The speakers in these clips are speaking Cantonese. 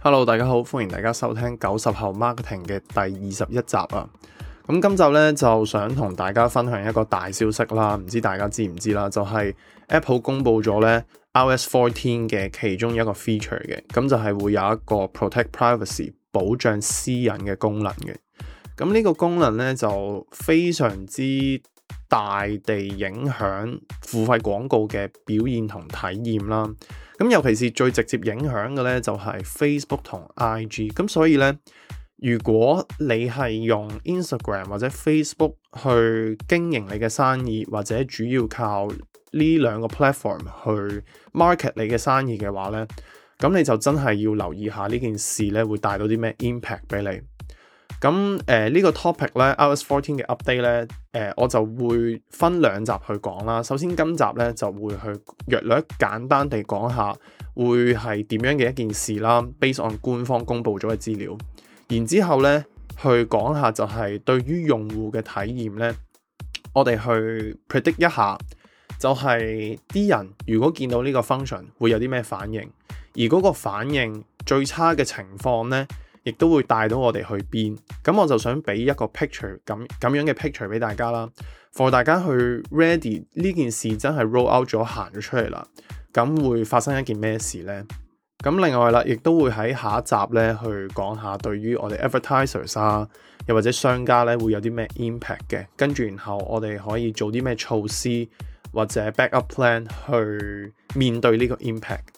Hello，大家好，歡迎大家收聽九十後 Marketing 嘅第二十一集啊。咁今集咧就想同大家分享一個大消息啦，唔知大家知唔知啦？就係、是、Apple 公布咗咧 iOS fourteen 嘅其中一個 feature 嘅，咁就係會有一個 Protect Privacy 保障私隱嘅功能嘅。咁呢個功能咧就非常之大地影響付費廣告嘅表現同體驗啦。咁尤其是最直接影響嘅咧，就係 Facebook 同 IG。咁所以咧，如果你係用 Instagram 或者 Facebook 去經營你嘅生意，或者主要靠呢兩個 platform 去 market 你嘅生意嘅話咧，咁你就真係要留意下呢件事咧，會帶到啲咩 impact 俾你。咁誒呢個 topic 咧，iOS fourteen 嘅 update 咧，誒、呃、我就會分兩集去講啦。首先今集咧就會去略略簡單地講下，會係點樣嘅一件事啦，base on 官方公布咗嘅資料。然之後咧，去講下就係對於用戶嘅體驗咧，我哋去 predict 一下，就係、是、啲人如果見到呢個 function 會有啲咩反應，而嗰個反應最差嘅情況咧。亦都會帶到我哋去邊，咁我就想俾一個 picture 咁咁樣嘅 picture 俾大家啦，for 大家去 ready 呢件事真係 roll out 咗行咗出嚟啦，咁會發生一件咩事呢？咁另外啦，亦都會喺下一集咧去講下對於我哋 advertisers 啊，又或者商家咧會有啲咩 impact 嘅，跟住然後我哋可以做啲咩措施或者 back up plan 去面對呢個 impact。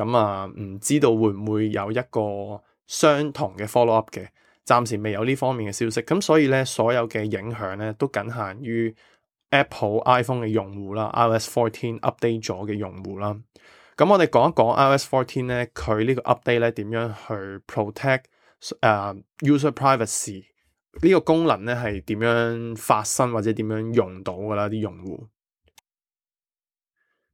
咁啊，唔知道會唔會有一個相同嘅 follow up 嘅，暫時未有呢方面嘅消息。咁所以呢，所有嘅影響呢都僅限於 Apple iPhone 嘅用戶啦，iOS 14 update 咗嘅用戶啦。咁我哋講一講 iOS 14呢，佢呢個 update 呢點樣去 protect 誒、uh, user privacy？呢個功能呢係點樣發生或者點樣用到㗎啦？啲用戶。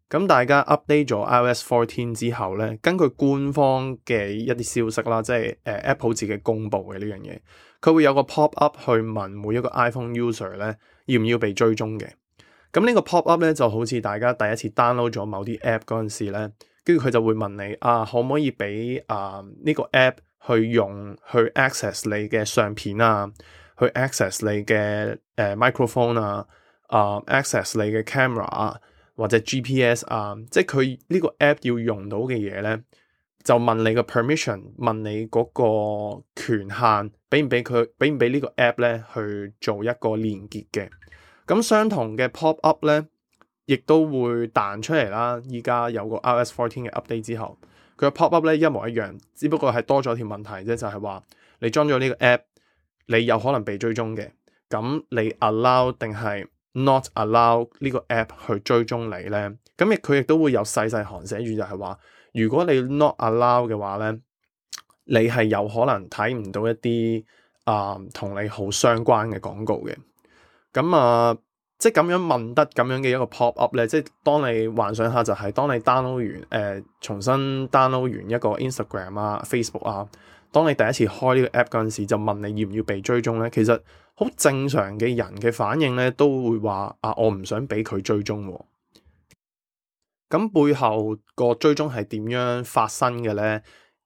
咁大家 update 咗 iOS fourteen 之後咧，根據官方嘅一啲消息啦，即係誒 Apple 自己公布嘅呢樣嘢，佢會有個 pop up 去問每一個 iPhone user 咧，要唔要被追蹤嘅？咁呢個 pop up 咧就好似大家第一次 download 咗某啲 app 嗰陣時咧，跟住佢就會問你啊，可唔可以俾啊呢個 app 去用去 access 你嘅相片啊，去 access 你嘅誒、呃、microphone 啊，啊、呃、access 你嘅 camera 啊？」或者 GPS 啊，即係佢呢個 app 要用到嘅嘢呢，就問你個 permission，問你嗰個權限俾唔俾佢，俾唔俾呢個 app 呢去做一個連結嘅。咁相同嘅 pop up 呢，亦都會彈出嚟啦。依家有個 iOS 14嘅 update 之後，佢個 pop up 呢一模一樣，只不過係多咗條問題啫，就係話你裝咗呢個 app，你有可能被追蹤嘅。咁你 allow 定係？Not allow 呢個 app 去追蹤你咧，咁亦佢亦都會有細細行寫住，就係話，如果你 not allow 嘅話咧，你係有可能睇唔到一啲啊同你好相關嘅廣告嘅。咁啊，即係咁樣問得咁樣嘅一個 pop up 咧，即係當你幻想下就係當你 download 完誒、呃、重新 download 完一個 Instagram 啊、Facebook 啊。當你第一次開呢個 app 嗰陣時，就問你要唔要被追蹤呢？其實好正常嘅人嘅反應呢，都會話：啊，我唔想俾佢追蹤喎、哦。咁背後追個,個追蹤係點樣發生嘅呢？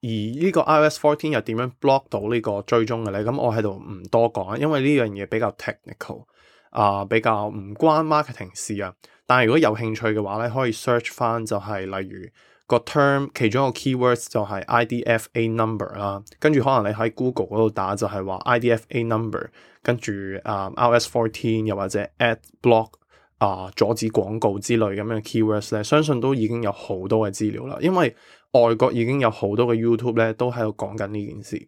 而呢個 iOS 14又點樣 block 到呢個追蹤嘅呢？咁我喺度唔多講，因為呢樣嘢比較 technical，啊、呃，比較唔關 marketing 事啊。但係如果有興趣嘅話咧，可以 search 返，就係例如。個 term 其中一個 keywords 就係 IDFA number 啦，跟住可能你喺 Google 度打就係話 IDFA number，跟住啊 iOS 14又或者 ad block 啊、uh, 阻止廣告之類咁樣 keywords 咧，相信都已經有好多嘅資料啦，因為外國已經有好多嘅 YouTube 咧都喺度講緊呢件事。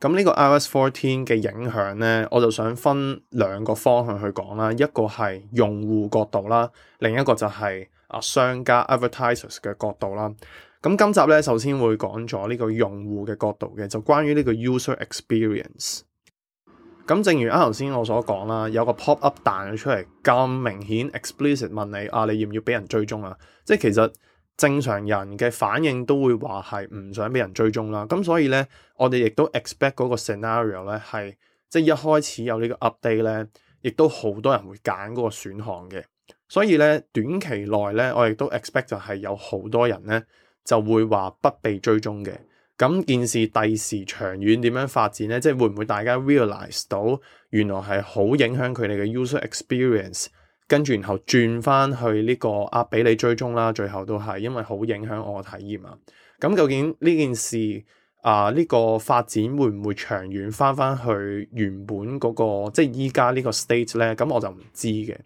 咁呢個 iOS 14嘅影響咧，我就想分兩個方向去講啦，一個係用戶角度啦，另一個就係、是。啊，商家 Advertisers 嘅角度啦，咁今集咧首先會講咗呢個用戶嘅角度嘅，就關於呢個 User Experience。咁正如啱頭先我所講啦，有個 Pop Up 彈咗出嚟，咁明顯 Explicit 問你啊，你要唔要俾人追蹤啊？即係其實正常人嘅反應都會話係唔想俾人追蹤啦。咁所以呢，我哋亦都 Expect 嗰個 Scenario 呢，係即係一開始有呢個 Update 呢，亦都好多人會揀嗰個選項嘅。所以咧，短期內咧，我亦都 expect 就係有好多人咧就會話不被追蹤嘅。咁件事第時長遠點樣發展咧？即係會唔會大家 realize 到原來係好影響佢哋嘅 user experience？跟住然後轉翻去呢、這個阿俾、啊、你追蹤啦，最後都係因為好影響我嘅體驗啊。咁究竟呢件事啊呢、呃這個發展會唔會長遠翻翻去原本嗰、那個即係依家呢個 state 咧？咁、嗯、我就唔知嘅。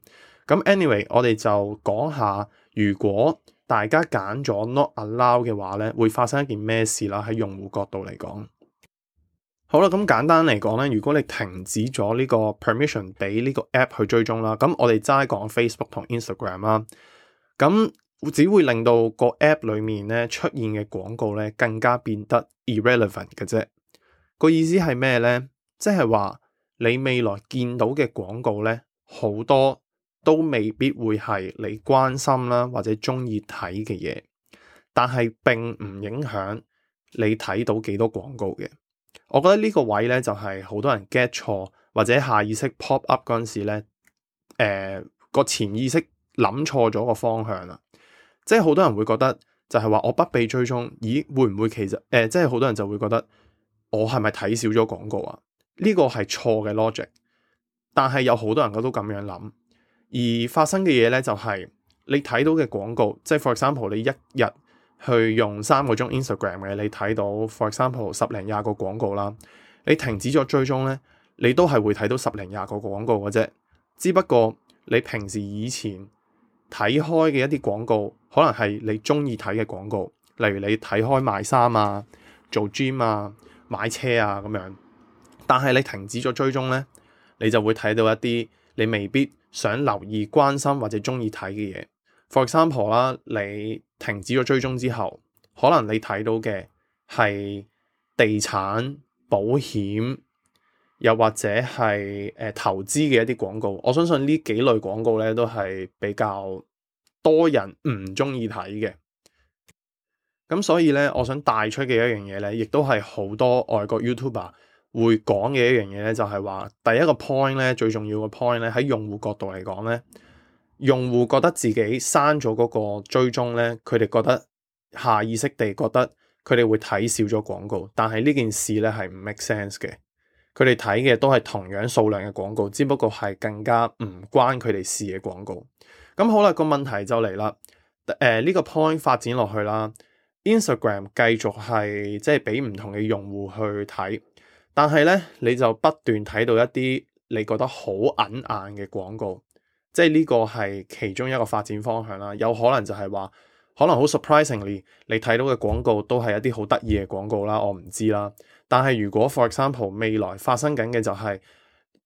咁，anyway，我哋就講下，如果大家揀咗 not allow 嘅話咧，會發生一件咩事啦？喺用戶角度嚟講，好啦，咁簡單嚟講咧，如果你停止咗呢個 permission 俾呢個 app 去追蹤啦，咁我哋齋講 Facebook 同 Instagram 啦，咁只會令到個 app 裏面咧出現嘅廣告咧更加變得 irrelevant 嘅啫。個意思係咩咧？即係話你未來見到嘅廣告咧好多。都未必會係你關心啦，或者中意睇嘅嘢，但係並唔影響你睇到幾多廣告嘅。我覺得呢個位呢，就係好多人 get 錯或者下意識 pop up 嗰陣時咧，誒個潛意識諗錯咗個方向啦。即係好多人會覺得就係話我不被追蹤，咦會唔會其實誒、呃、即係好多人就會覺得我係咪睇少咗廣告啊？呢個係錯嘅 logic，但係有好多人都咁樣諗。而發生嘅嘢呢，就係你睇到嘅廣告，即係 for example，你一日去用三個鐘 Instagram 嘅，你睇到 for example 十零廿個廣告啦。你停止咗追蹤呢，你都係會睇到十零廿個廣告嘅啫。只不過你平時以前睇開嘅一啲廣告，可能係你中意睇嘅廣告，例如你睇開賣衫啊、做 gym 啊、買車啊咁樣。但係你停止咗追蹤呢，你就會睇到一啲你未必想留意、關心或者中意睇嘅嘢，for example 啦，你停止咗追蹤之後，可能你睇到嘅係地產、保險，又或者係誒、呃、投資嘅一啲廣告。我相信呢幾類廣告咧，都係比較多人唔中意睇嘅。咁所以咧，我想帶出嘅一樣嘢咧，亦都係好多外國 YouTuber。會講嘅一樣嘢咧，就係話第一個 point 咧，最重要嘅 point 咧，喺用戶角度嚟講咧，用戶覺得自己刪咗嗰個追蹤咧，佢哋覺得下意識地覺得佢哋會睇少咗廣告，但係呢件事咧係唔 make sense 嘅。佢哋睇嘅都係同樣數量嘅廣告，只不過係更加唔關佢哋事嘅廣告。咁好啦，個問題就嚟啦。誒、呃、呢、這個 point 發展落去啦，Instagram 繼續係即係俾唔同嘅用戶去睇。但係咧，你就不斷睇到一啲你覺得好眼硬嘅廣告，即係呢個係其中一個發展方向啦。有可能就係話，可能好 surprisingly，你睇到嘅廣告都係一啲好得意嘅廣告啦，我唔知啦。但係如果 for example 未來發生緊嘅就係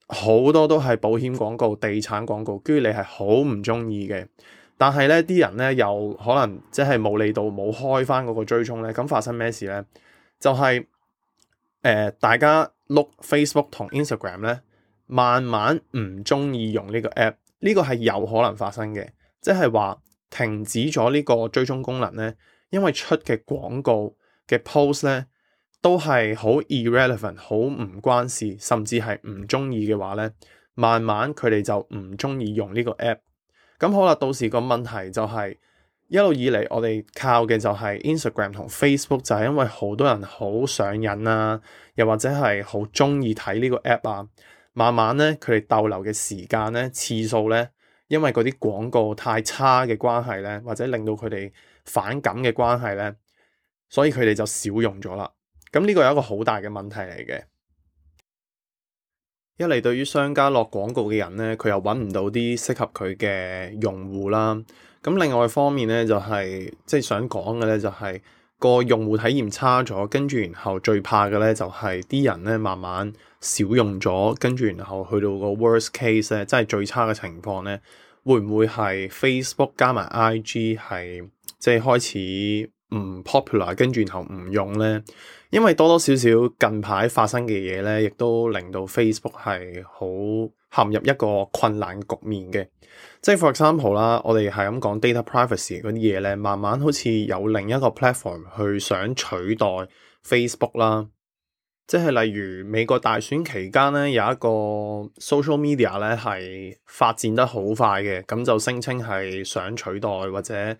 好多都係保險廣告、地產廣告，跟住你係好唔中意嘅。但係咧，啲人咧又可能即係冇理到冇開翻嗰個追蹤咧，咁發生咩事咧？就係。誒，uh, 大家碌 Facebook 同 Instagram 咧，慢慢唔中意用呢個 app，呢個係有可能發生嘅，即係話停止咗呢個追蹤功能咧，因為出嘅廣告嘅 post 咧，都係好 irrelevant，好唔關事，甚至係唔中意嘅話咧，慢慢佢哋就唔中意用呢個 app。咁好啦，到時個問題就係。一路以嚟，我哋靠嘅就係 Instagram 同 Facebook，就係因為好多人好上癮啊，又或者係好中意睇呢個 app 啊。慢慢咧，佢哋逗留嘅時間咧、次數咧，因為嗰啲廣告太差嘅關係咧，或者令到佢哋反感嘅關係咧，所以佢哋就少用咗啦。咁呢個係一個好大嘅問題嚟嘅。一嚟對於商家落廣告嘅人咧，佢又揾唔到啲適合佢嘅用戶啦。咁另外一方面咧，就係、是、即係想講嘅咧，就係、是、個用戶體驗差咗，跟住然後最怕嘅咧，就係、是、啲人咧慢慢少用咗，跟住然後去到個 worst case 咧，即係最差嘅情況咧，會唔會係 Facebook 加埋 IG 係即係開始？唔 popular，跟住然後唔用呢，因為多多少少近排發生嘅嘢呢，亦都令到 Facebook 係好陷入一個困難局面嘅。即係 for example 啦，我哋係咁講 data privacy 嗰啲嘢呢，慢慢好似有另一個 platform 去想取代 Facebook 啦。即係例如美國大選期間呢，有一個 social media 呢係發展得好快嘅，咁就聲稱係想取代或者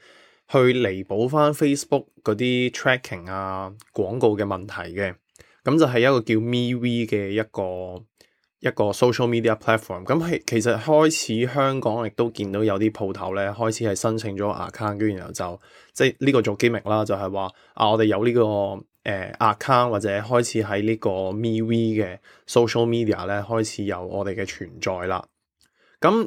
去彌補翻 Facebook 嗰啲 tracking 啊廣告嘅問題嘅，咁就係一個叫 MeWe 嘅一個一個 social media platform。咁係其實開始香港亦都見到有啲鋪頭咧開始係申請咗 account，跟住然後就即係呢個做 gimmick 啦，就係、是、話啊我哋有呢、這個誒、呃、account 或者開始喺呢個 MeWe 嘅 social media 咧開始有我哋嘅存在啦。咁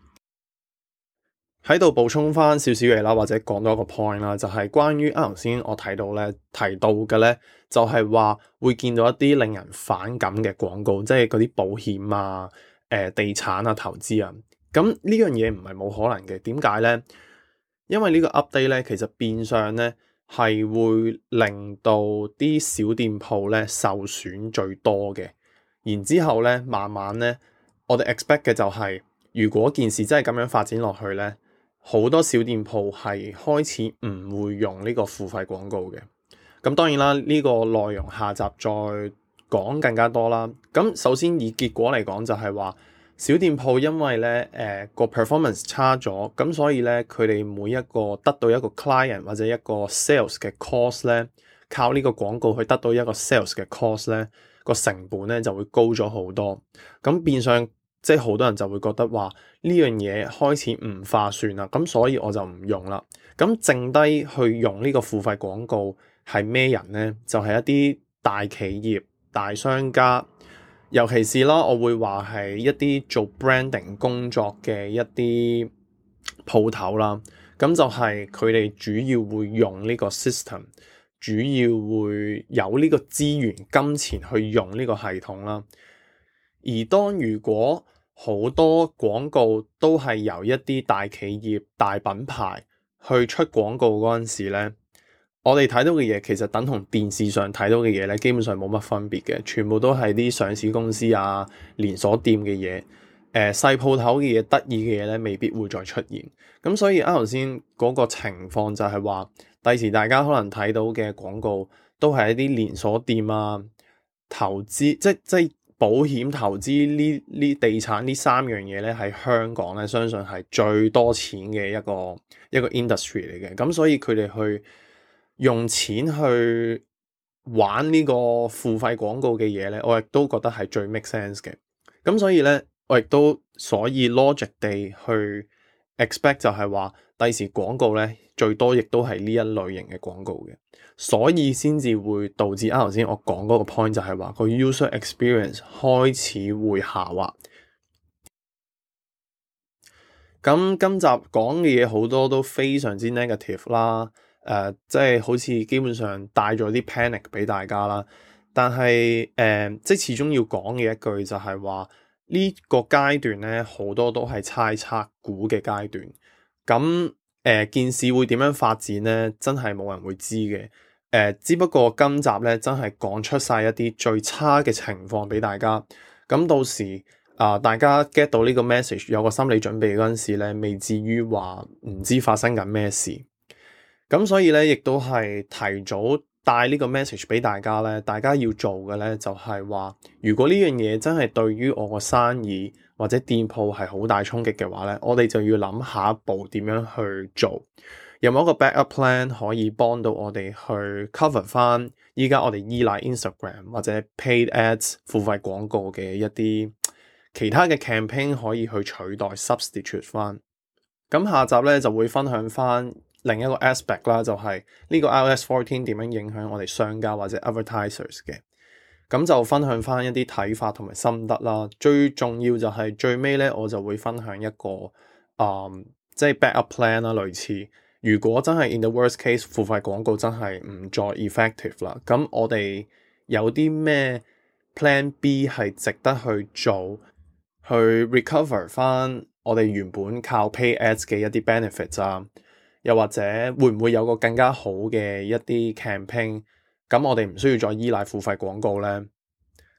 喺度補充翻少少嘢啦，或者講多一個 point 啦，就係關於啱頭先我睇到咧提到嘅咧，就係話會見到一啲令人反感嘅廣告，即係嗰啲保險啊、誒、呃、地產啊、投資啊。咁呢樣嘢唔係冇可能嘅，點解咧？因為呢個 update 咧，其實變相咧係會令到啲小店鋪咧受損最多嘅。然之後咧，慢慢咧，我哋 expect 嘅就係、是、如果件事真係咁樣發展落去咧。好多小店鋪係開始唔會用呢個付費廣告嘅，咁當然啦，呢、呢個內容下集再講更加多啦。咁首先以結果嚟講，就係話小店鋪因為呢誒、呃、個 performance 差咗，咁所以呢，佢哋每一個得到一個 client 或者一個 sales 嘅 cost 呢，靠呢個廣告去得到一個 sales 嘅 cost 呢個成本呢就會高咗好多，咁變相。即係好多人就會覺得話呢樣嘢開始唔划算啦，咁所以我就唔用啦。咁剩低去用呢個付費廣告係咩人呢？就係一啲大企業、大商家，尤其是啦，我會話係一啲做 branding 工作嘅一啲鋪頭啦。咁就係佢哋主要會用呢個 system，主要會有呢個資源、金錢去用呢個系統啦。而當如果好多廣告都係由一啲大企業、大品牌去出廣告嗰陣時咧，我哋睇到嘅嘢其實等同電視上睇到嘅嘢呢，基本上冇乜分別嘅，全部都係啲上市公司啊、連鎖店嘅嘢，誒細鋪頭嘅嘢、得意嘅嘢呢，未必會再出現。咁所以啱頭先嗰個情況就係話，第時大家可能睇到嘅廣告都係一啲連鎖店啊、投資，即即。保險投資呢，呢地產呢三樣嘢呢，喺香港呢相信係最多錢嘅一個一個 industry 嚟嘅。咁所以佢哋去用錢去玩呢個付費廣告嘅嘢呢，我亦都覺得係最 make sense 嘅。咁所以呢，我亦都所以 logic 地去。Expect 就係話，第時廣告咧最多亦都係呢一類型嘅廣告嘅，所以先至會導致，啱頭先我講嗰個 point 就係話個 user experience 開始會下滑。咁、嗯、今集講嘅嘢好多都非常之 negative 啦，誒、呃、即係好似基本上帶咗啲 panic 俾大家啦。但係誒、呃、即始終要講嘅一句就係話。呢個階段咧，好多都係猜測估嘅階段。咁誒，件、呃、事會點樣發展呢？真係冇人會知嘅。誒、呃，只不過今集咧真係講出晒一啲最差嘅情況俾大家。咁到時啊、呃，大家 get 到呢個 message，有個心理準備嗰陣時咧，未至於話唔知發生緊咩事。咁所以咧，亦都係提早。帶呢個 message 俾大家咧，大家要做嘅咧就係話，如果呢樣嘢真係對於我個生意或者店鋪係好大衝擊嘅話咧，我哋就要諗下一步點樣去做，有冇一個 backup plan 可以幫到我哋去 cover 翻，依家我哋依賴 Instagram 或者 paid ads 付費廣告嘅一啲其他嘅 campaign 可以去取代 substitute 翻。咁下集咧就會分享翻。另一個 aspect 啦，就係呢個 iOS fourteen 點樣影響我哋商家或者 advertisers 嘅？咁就分享翻一啲睇法同埋心得啦。最重要就係最尾咧，我就會分享一個啊、嗯，即係 backup plan 啦，類似如果真係 in the worst case，付費廣告真係唔再 effective 啦。咁我哋有啲咩 plan B 係值得去做，去 recover 翻我哋原本靠 pay ads 嘅一啲 benefit 咋？又或者會唔會有個更加好嘅一啲 campaign？咁我哋唔需要再依賴付費廣告呢，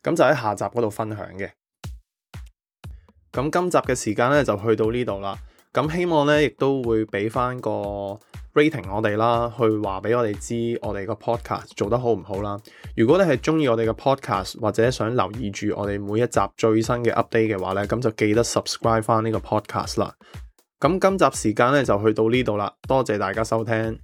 咁就喺下集嗰度分享嘅。咁今集嘅時間咧就去到呢度啦。咁希望咧亦都會俾翻個 rating 我哋啦，去話俾我哋知我哋個 podcast 做得好唔好啦。如果你係中意我哋嘅 podcast，或者想留意住我哋每一集最新嘅 update 嘅話咧，咁就記得 subscribe 翻呢個 podcast 啦。咁今集時間呢就去到呢度啦，多謝大家收聽。